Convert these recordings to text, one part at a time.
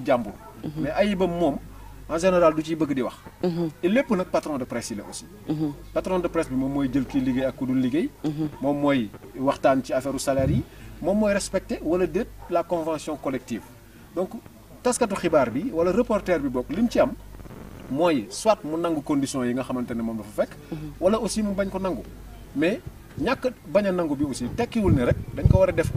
bu jàmbur. mais ayibam moom en général du ciy bëgg di wax. Mhm. te lépp nag patron de presse yi la aussi. Mhm. patron de presse bi moom mooy jël kii liggéey ak ku dul liggéey. Mhm. moom mooy waxtaan ci affaire salaire yi moom mooy respecter wala déet la convention collective donc taskatu xibaar bi wala reporter bi bokk li mu ci am. mooy soit mu nangu conditions yi nga xamante ne moom dafa fekk. wala aussi mu bañ ko nangu mais ñàkk bañ nangu bi aussi tekkiwul ne rek dañ ko war a def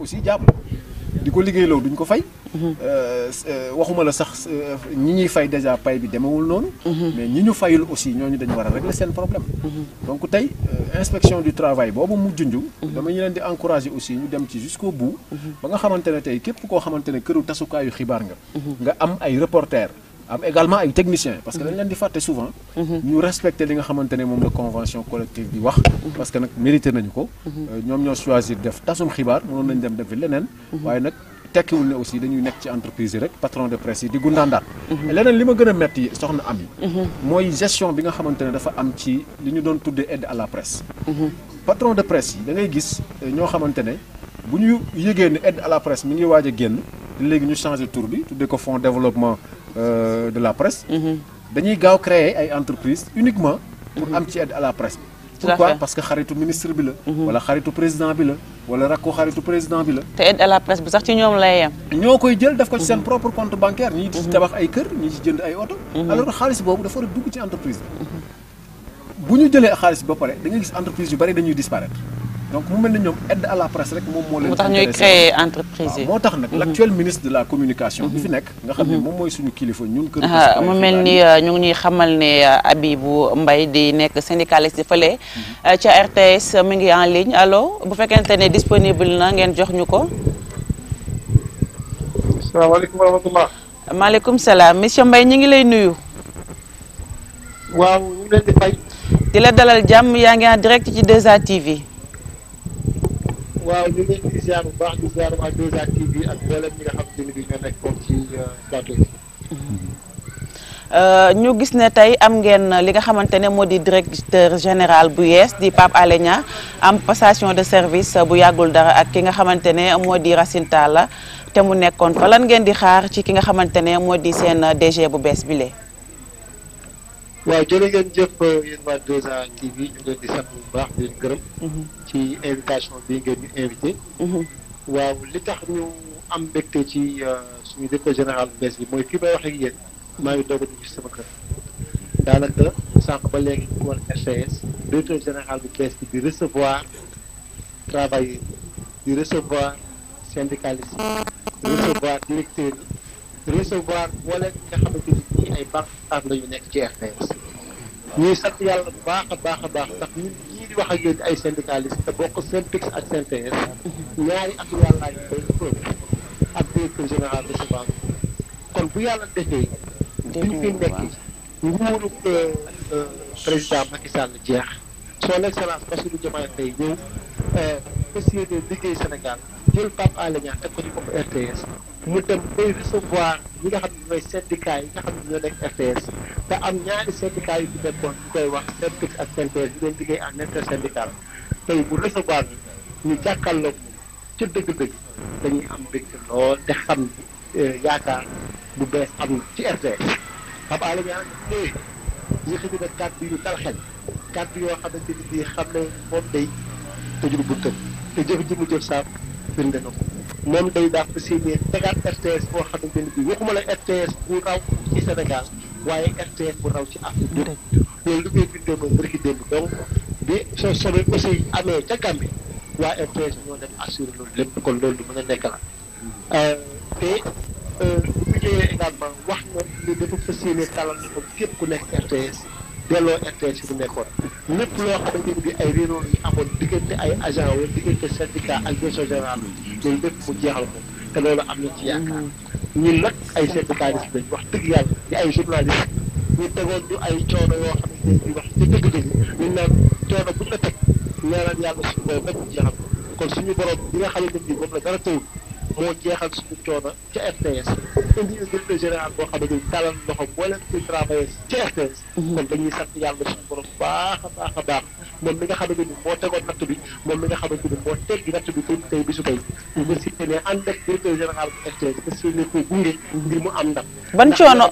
di ko liggéeyloo duñ ko fay. Mhm. Euh, euh, waxuma la sax euh, ñi ñuy fay déjà pay bi demewul noonu. Mhm. mais ñi ñu fayul aussi ñoo ñu dañu war rek régler seen problème. Mhm. donc tey inspection du travail boobu mu junj. dama ñu leen di encourager aussi ñu dem ci jusqu'au bu ba nga xamante ne tey képp koo xamante ne këru tasukaayu xibaar nga. nga am ay reporter am également ay techniciens parce que dañ leen di fàtte souvent. Mhm. ñu respecter li nga xamante moom la convention collective bi wax. Mhm. parce que nag mérité nañu ko. Mhm. Euh, ñoom ñoo choisir def tasum xibaar mënoon nañ dem defi leneen. waaye nag tekkiwul ne aussi dañuy nekk ci entreprise yi rek patron de presse yi di gundaandaat. leneen li ma gën a metti soxna am yi. mooy gestion bi nga xamante ne dafa am ci li ñu doon tuddee aide à la presse. patron de presse yi da ngay gis euh, ñoo xamante ne bu léegi ñu changé tour bi tuddee ko fonds développement euh, de la presse. Mhm. dañuy gaaw créer ay entreprise uniquement. pour mhm. am ci aide à la presse. pourquoi parce que xaritu ministre bi la. Mhm. wala xaritu président bi la. wala rakku xaritu président bi la. te aide à la presse bi sax ci ñoom lay yem. ñoo koy jël def ko ci seen propre compte bancaire. ñii di ci tabax ay kër ñii ci jënd ay oto. alors xaalis boobu dafa war a dugg ci entreprise bi. bu ñu jëlee xaalis bi ba da nga gis entreprise yu bari dañuy disparaître. donc mu mel ne ñoom aide à la presse moom moo leen. moo tax ñuy créer entreprise yi moo tax nag mhm. l' actuel ministre la communication. bi fi mhm. nekk xam ne mhm. moom mooy suñu kilifa ñun. kër ah, mu mel ni euh, ñu ngi ñuy xamal ne euh, Abibou Mbaye di nekk syndicaliste di fële. Euh, ca RTS mi ngi en ligne allo bu fekkente ne disponible na ngeen jox ñu ko. asalaamaaleykum wa rahmatulah. maaleykum salaam monsieur Mbaye ñu ngi lay nuyu. di la dalal jàmm yaa ngi en direct ci 2A TV. waaw ñu ak mboolem euh, euh, ñu gis ne tey am ngeen li nga xamante ne moo di directeur général bu yees di pap Alé am passation de service bu yàggul dara ak ki nga xamante ne moo di Racine Talla te mu nekkoon fa lan ngeen di xaar ci ki nga xamante ne moo di seen DG bu bees euh, bi lee ci invitation bi ngeen invité. Mhm. waaw li tax ñu am mbégte ci euh, suñu directeur général bu bees bi mooy fii may wax ak yéen maa ngi doog a dugg sama kër. daanaka sànq ba léegi ñu war RTS directeur général bu bees bi di recevoir travailleurs di recevoir syndicalistes recevoir directeurs recevoir wala nga xamante ni ay banques la yu nekk ci RTS. ñuy sant yàlla bu baax a baax a baax ndax ñun. ñuy wax ak yéen ay syndicaliste te bokk SYNPICS ak SYNPS ñaari ak yàllaa yi koy preuve ak directeur général de subvention kon bu yàlla defee biñ fi nekk nguuru euh, président Macky Sall jeex son excellence Bassirou Diomaye Faye ñëw essayer euh, de liggéey Sénégal jël Pape Alé Niang teg ko ci bopp RTS mu dem bay recevoir ñi nga xam ne ñooy syndicats yi nga xam ne ñoo nekk RTS te am ñaari syndicat yu ci nekkoon ñu koy wax SYNPICS ak SYNPES di leen liggéey en intersyndical tey bu recevoir ñu jàkkaarloo ko ci dëgg am mbégte lool te xam euh, yaakaar bu bees am na ci RTS xam nga alhamdulilah tey yëkkati na kàddu yu dal xel kàddu yoo te jëf ji mu jëf saaf firnde na ko. moom day daa fas yéenee tegaat RTS boo xamante ni bii waxuma la RTS bu raw ci Sénégal. waaye RTS bu raw ci Afrique yëpp loolu li koy bindee mooy bërki démb donc bi soo soobee aussi amee ca Gambie waa RTS ñoo dem assuré loolu lépp kon loolu du mën a nekk la euh, te euh, bu ñu ñëwee également wax na ni dafa fas yéene talal na comme képp ku nekk RTS delloo RTS bu nekkoon lépp loo xamante ni bi ay réunion yi amoon diggante ay agent wala diggante syndicat ak direction générale loolu lépp mu jeexal ko te loolu am na ci yaakaar mm. ñun nag ay syndicalistes lañ wax dëgg yàlla di ay journalistes ñu tegoon ñu ay coono yoo xam ne di wax ci dëgg-dëgg ñu naan coono buñ la teg ñaanal yàlla suñu borom rek jeexal kon suñu borom bi nga xamante ni moom la dara tawul moo jeexal suñu coono ca RTS indi un directeur général boo xam ne talal loxo boo leen koy travailler ca RTS. Mm-hmm. kon dañuy sant yàlla suñu borom baax a baax a baax. moom bi nga xamante ne hmm. ànd ak directeur général bu RTS parce que ne ko gunge ngir mu am ndam ban coono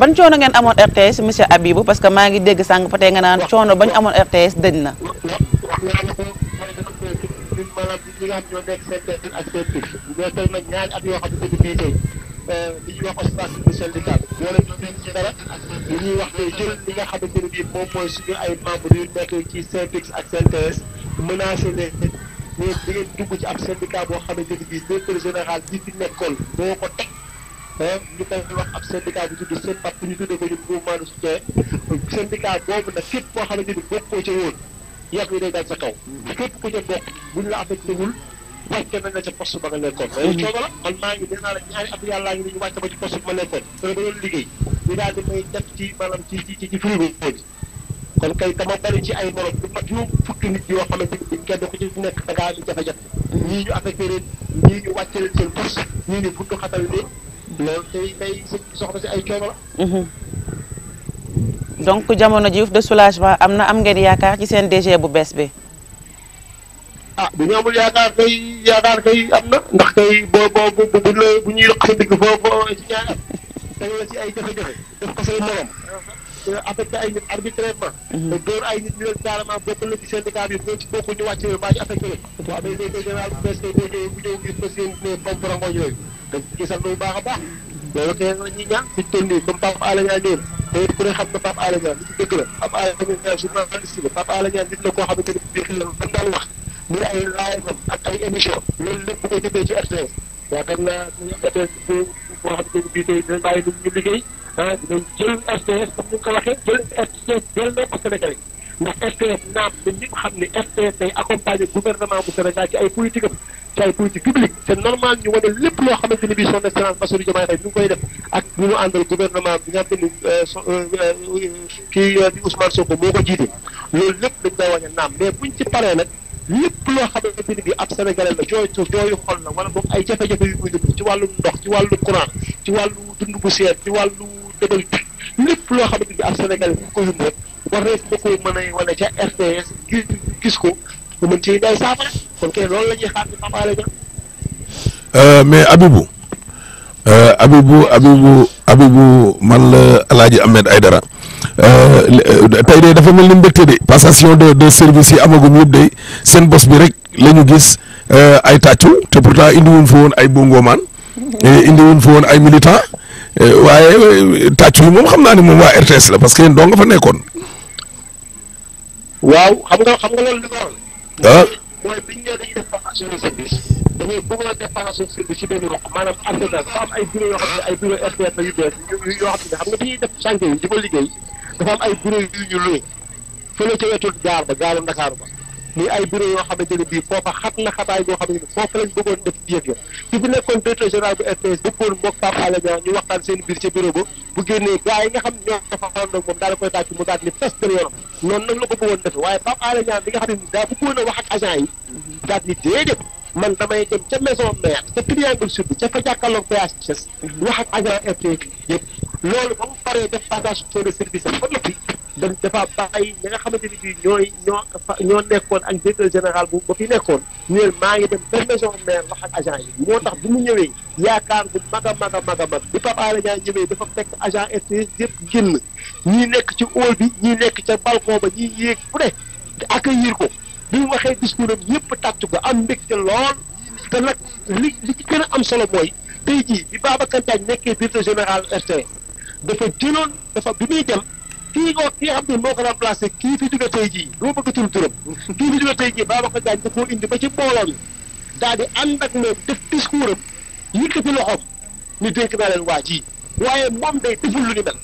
ban coono ngeen amoon RTS monsieur Abibou parce que maa ngi dégg sànq ba tey nga naan coono bañ amoon RTS dëñ na ñi nga xam ñoo ak yoo xam li ñuy wax ostracisme syndical ñuy wax tey jël li nga xamante ne bii moom mooy suñu ay membres yu nekk ak CNTS menacé ne mais da ngeen ci ab syndicat boo xamante ne bii directeur général bi fi nekkoon moo ko teg. ñu koy wax ab syndicat bi tudd seen parti ñu tuddee ko ñun mouvement de soutien syndicat boobu nag képp koo xamante ni bokkoo ca woon yàgg yi day daal sa kaw. Mm-hmm. képp ku ca bokk buñ la affecté wul. la ca poste ba nga nekkoon. Mm-hmm. loolu coono la man maa ngi nee naa la ñaari at yàllaa te ci maanaam ci ci ci frigo bi. kon kay dama bari ci ay morom du mat ñu fukki nit yoo xamante ni nekk da jafe jaf mm-hmm. ñii ñu affecté ñu wàcce leen seen poste ñii ñu buntu xatal leen loolu tey tey soxna si ay coono mm-hmm. donc jamono ji de soulagement am na am ngeen yaakaar ci seen DG bu bees bi. ah bu ñu amul yaakaar kay yaakaar kay am na ndax kay boo boo bu ñuy yokk sa digg foofu ci ñaari at teg la ay jafe def ko say morom. Euh, affecté ay mhm. ay nit ñu leen carrément bokkal la ci syndicat bi boo ci bokku ñu wàcc maa ñu affecté leen. waaw day day général bu bees kay day ñëw baax a baax. loolu kay ñu toll nii ne xam na Pape Alé la Pape Alé wax muy ay live am ak ay émission loolu lépp koy defee ci RTS yaakaar naa suñu ne ah RTS comme ni nga ko waxee jël RTS jël na ko Sénégalais ndax RTS naam na ñëpp xam ne RTS day accompagner gouvernement bu Sénégal koy def ak ñu mu àndal gouvernement bi nga xam ne ni euh, euh, euh, kii di ko jiite loolu lépp dañ koy wane naam mais buñ ci paree nag lépp loo xamante ni bi ab sénégalais la jooytu jooyu xol la wala boog ay jafe-jafe yu muy dund ci wàllu ndox ci wàllu courant ci wàllu dund bu seer ci wàllu dëbal lépp loo xamante ni ab sénégalais bu ko yëngu rek war ko mën a wane ca gis ko mu ci day saafara kon kay loolu la ñuy xaar ci xamaale euh, ja mais Abibou euh, Abibou Abibou Abibou man la Alaaji ay dara Euh, tey de dafa mel ni mbégte de passation de de service yi amagum yëpp de seen bos bi rek la ñu gis euh, ay tàccu te pourtant indi wuñ fa woon ay bongoman indi wuñ fa woon ay militant euh, waaye tàccu yi moom xam naa ne moom waa RTS la parce que yéen doo nga fa nekkoon. waaw xam nga xam nga loolu li ko waral. Ah. mooy biñ ñëwee dañuy def passation de service dañuy bëgg a def passation de service ci benn roq maanaam am na dafa am ay bureau yoo xam ne ay bureau RTS la yu bees yoo xam ne xam nga dañuy def chantier yi di ko liggéey. dafa am ay bureau yu ñu luwe fële ca wetu gaar ba gaaru Ndakaaru ba muy foofa xat na xataay boo xam ne foofu lañ bëggoon def yëf ya ci fi nekkoon ñu waxtaan seen biir ca bureau ba bu génnee gars yi nga xam ñoo daal koy tàcc mu daal ni fes dal yoonam noonu nag la ko bëggoon defe waaye Pape Alé Niang bi nga xam ne daa bëggoon a wax ak agent yi daal ni déedéet man damay dem ca maison mère ca triangle sud bi ca fa jàkkaarloog PHS wax ak agent RTS yëpp loolu ba mu paree def passation de service ba noppi da dafa bàyyi ñi nga xamante ni bii ñooy ñoo ñoo nekkoon ak directeur général bu ba fi nekkoon maa ngi dem benn maison mère wax ak agent yi moo tax bu mu ñëwee yaakaar bu mag a mag mag a mag bi Pape Alé Niang ñëwee dafa fekk agent RTS yëpp génn ñii nekk ci hall bi ñuy nekk ca balcon ba ñii yéeg fu ne accueillir ko bi mu waxee discours am yëpp tàccu ko am mbégte lool nag li li ci gën a am solo mooy tey jii bi Babacar Diagne nekkee directeur général RTS dafa jëloon dafa bu muy dem kii nga kii xam ne moo ko remplacé kii fi jóge jii lu ma bëgg tudd turam kii fi jóge tey jii Babacar Diagne da koo indi ba ci mbooloo mi daal di ànd ak moom def discours am yëkkati loxoom ni dénk naa leen waa ji waaye moom day deful lu ni mel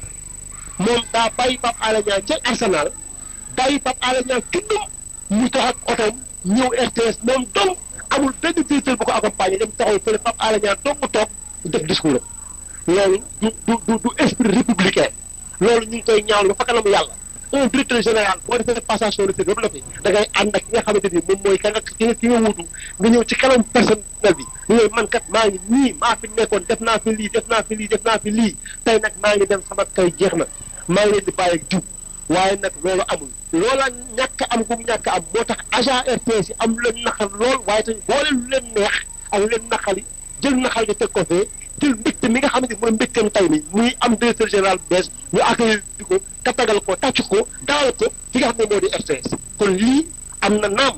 moom daa bàyyi Pape Alé Niang ca Arsenal bàyyi Pape Alé Niang tuddum mu tax ak otoom ñëw RTS moom dong amul benn directeur bu ko accompagné dem taxaw fële Pape Alé Niang dong mu toog def loolu du du du esprit républicain loolu ñu ngi koy ñaawlu fa kanam yàlla un directeur général boo defee passation de service ba noppi da ànd ak ki nga xamante ni moom mooy ka nga ki nga ki nga wuutu nga ñëw ci kanam personnel bi ñu ne maa ngi nii maa fi nekkoon def naa fi lii def naa fi lii def naa fi lii tey nag maa ngi dem sama kay jeex na maa ngi leen di bàyyi ak waaye nag loolu amul. loola ñàkk am gu ñàkk am moo tax agent RTS yi am lu leen naqar lool waaye tamit boole lu leen neex ak lu leen jël na xay di teg ko fee jël mbégte mi nga xamante ni mooy mbégteem tey mi muy am directeur général bees ñu accueillir ko tatagal ko tàcc ko daal ko fi nga xam ne moo di RTS kon lii am na naam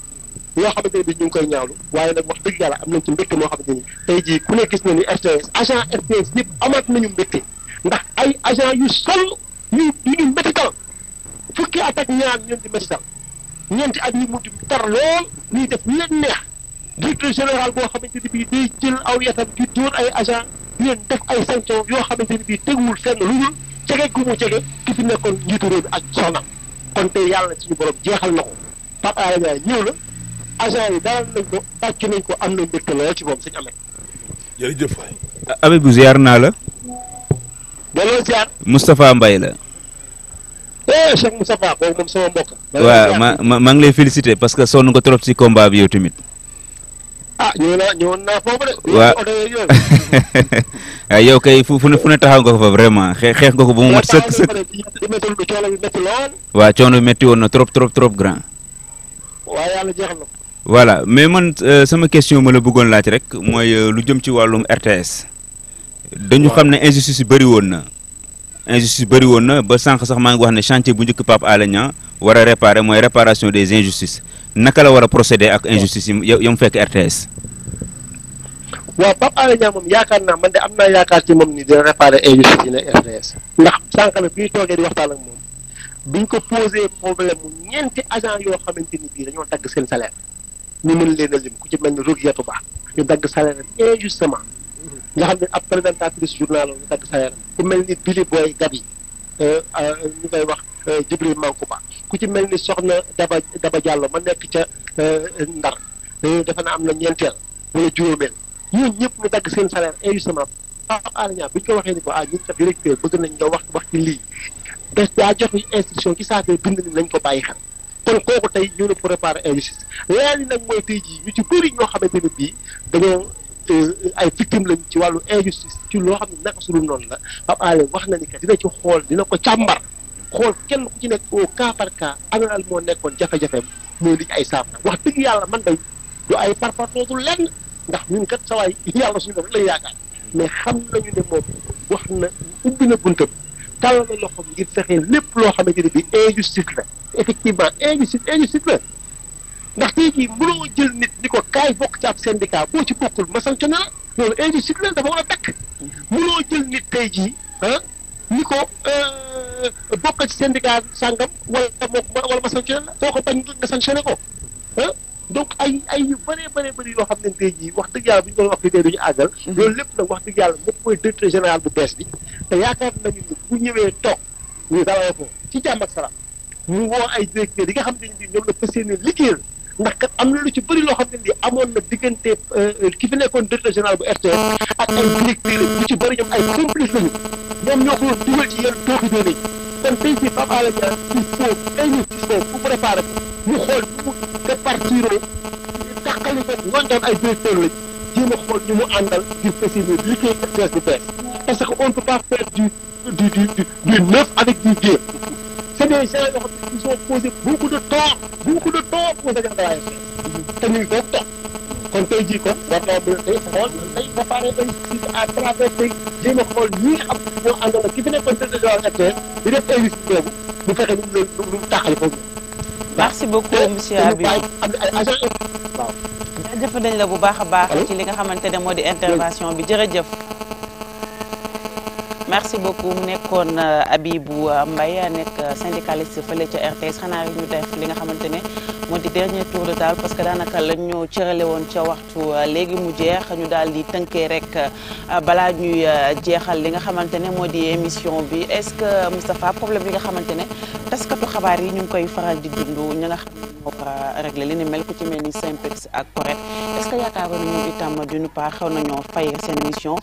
yoo xam ne bi ñu ngi koy ñaawlu waaye nag wax dëgg yàlla am nañ ci mbégte moo xamante ni tey jii ku ne na ni RTS agent RTS yëpp amaat nañu mbégte ndax ay agent yu sol yu yu ñu métital fukki at ak ñaar ñeenti métital ñeenti at ñu mujj tar lool ñuy def lu leen neex directeur général boo xamante ni bii day jël aw yatam di dóor ay agent di def ay sanction yoo xamante ni bii teguwul fenn lu dul jege gu mu jege ki fi nekkoon njiitu réew mi ak soxnaam kon te yàlla suñu borom jeexal na ko Pape Alé Niang ñëw agent yi dalal nañ ko tàcc nañ ko am na mbégte ci moom suñu amee. jërëjëf bu ziar naa la. delloo ziar. Moustapha Mbaye la. eh Cheikh Moustapha boobu moom sama mbokk. waaw ma ma maa ngi lay féliciter parce que sonn nga trop ci combat bi yow tamit. ah ñëw naa ñëwoon naa foofu de. waaw ah, yow kay fu fu ne taxaw nga ko fa vraiment xeex xeex nga ko ba mu mat sëkk sëkk. waaw coono bi métti woon na trop trop trop grand. waaw voilà mais man euh, sama question ma la bëggoon laaj rek mooy euh, lu jëm ci wàllum RTS. dañu xam ne injustice yi bëri woon na. injustice bëri woon na ba sànq sax maa ngi wax ne chantier bu njëkk Pape Alé Niang war a réparer mooy réparation des injustices naka la war a procéder ak injustice yi ya mu fekk RTS. waaw Pape Alé Niang moom yaakaar naa man de am naa yaakaar ci moom ni dina réparer injustice yi nekk RTS ndax sànq la bi ñu toogee di waxtaan ak moom bi ñu ko posé problème mu ñeenti agent yoo xamante ni bii dañoo dagg seen salaire ñu mën leen a lim ku ci mel ni Roguetou Ba ñu dagg salaire am injustement nga xam ne ab présentatrice journal ñu dagg salaire ku mel ni Billy Boy Gabi euh, euh, ñu koy wax euh, Djibril Mankouba ku ci mel ni soxna Daba Daba Diallo ma nekk ca eh, Ndar eh, dafa na am na ñeenteel wala juróomeel ñun ñëpp ñu dagg seen salaire injustement Pape Alé Niang bi ñu ko waxee ni ko ah ñun directeur bëgg nañ nga wax wax ci lii des daa jox instruction ci saafee bind ni nañ ko bàyyi xel kon kooku tey ñu ne préparer injustice leneen li nag mooy tey jii ñu ci xamante ne bii dañoo eh, ay victime lañ ci wàllu injustice ci loo xam ne naka su dul la Pape Alé wax na ni que dina ci xool dina ko càmbar xool kenn ku ci nekk au cas par cas analal moo nekkoon jafe-jafeem mooy li ay saafara wax dëgg yàlla man day du ay parpartoo du lenn ndax ñun kat sa waay yàlla suñu bopp lay yaakaar mais xam nañu ne moom wax na ubbi na buntam tàllal na loxoom ngir fexe lépp loo xamante ne bi injustice la effectivement injustice injustice la ndax tey jii mënoo jël nit ni ko kaay bokk ci ab syndicat boo ci bokkul ma sanctionné la loolu injustice la dafa war a dakk mm-hmm. mënoo jël nit tey jii ah ko euh, bokk ci syndicat sàngam wala moo wala ma sanctionné la soo ko bañ nga sanctionné ko ah donc ay ay yu bëree bëree bëri yoo xam ne tey jii wax dëgg yàlla bu ñu doon wax li mhm. lépp wax dëgg yàlla moom mooy directeur général bu bees bi te yaakaar nañu ne bu ñëwee toog ko ci jàmm ak mu woo ay directeurs yi nga xam ne bii ñoom la fas yéene liggéeyal ndax kat am na lu ci bari loo xam ne nii amoon na diggante euh, ki fi nekkoon directeur général bu RTS ak ay directeurs yi lu ci bëri ñoom ay complice lañu ñoom ñoo ko dugal ci yéen tooxi doon yi kon tey si Pape Alé Niang il faut investissement pour préparer mu xool mu départir tàqali ko ñooñ doon ay directeur lañ jéem a xool ñu mu àndal ngir pessimi liggéey ak bees bu bees parce que on ne peut du du du du neuf avec du vieux c' est des gens yoo xam de temps beaucoup de temps pour se def de la RTS kon tey jii kon war naa mën a xool tey ba a xool ñi nga xam ñoo àndoon ak ki fi nekkoon directeur actuel bu fekkee ñu ngi leen ñu taxal foofu. merci beaucoup monsieur Habib am dañ la bu baax a baax. ci li nga xamante ne moo di intervention bi jërëjëf. merci beaucoup mu nekkoon euh, Abibou euh, Mbaye nekk euh, syndicaliste fële ca RTS xanaa rek ñu def li nga xamante ne moo di dernier tour de table parce que daanaka lañ ñoo cërale woon ca waxtu léegi mu jeex ñu daal di tënkee rek balaa ñuy jeexal li nga xamante ne moo di émission bi est-ce que Moustapha problème yi nga xamante ne taskatu xabaar yi ñu ngi koy faral di dund ña nga xam moo ko réglé li ni mel ku ci mel ni Synpex ak Correct est-ce que yaakaaroon nañu itam d'une pa seen mission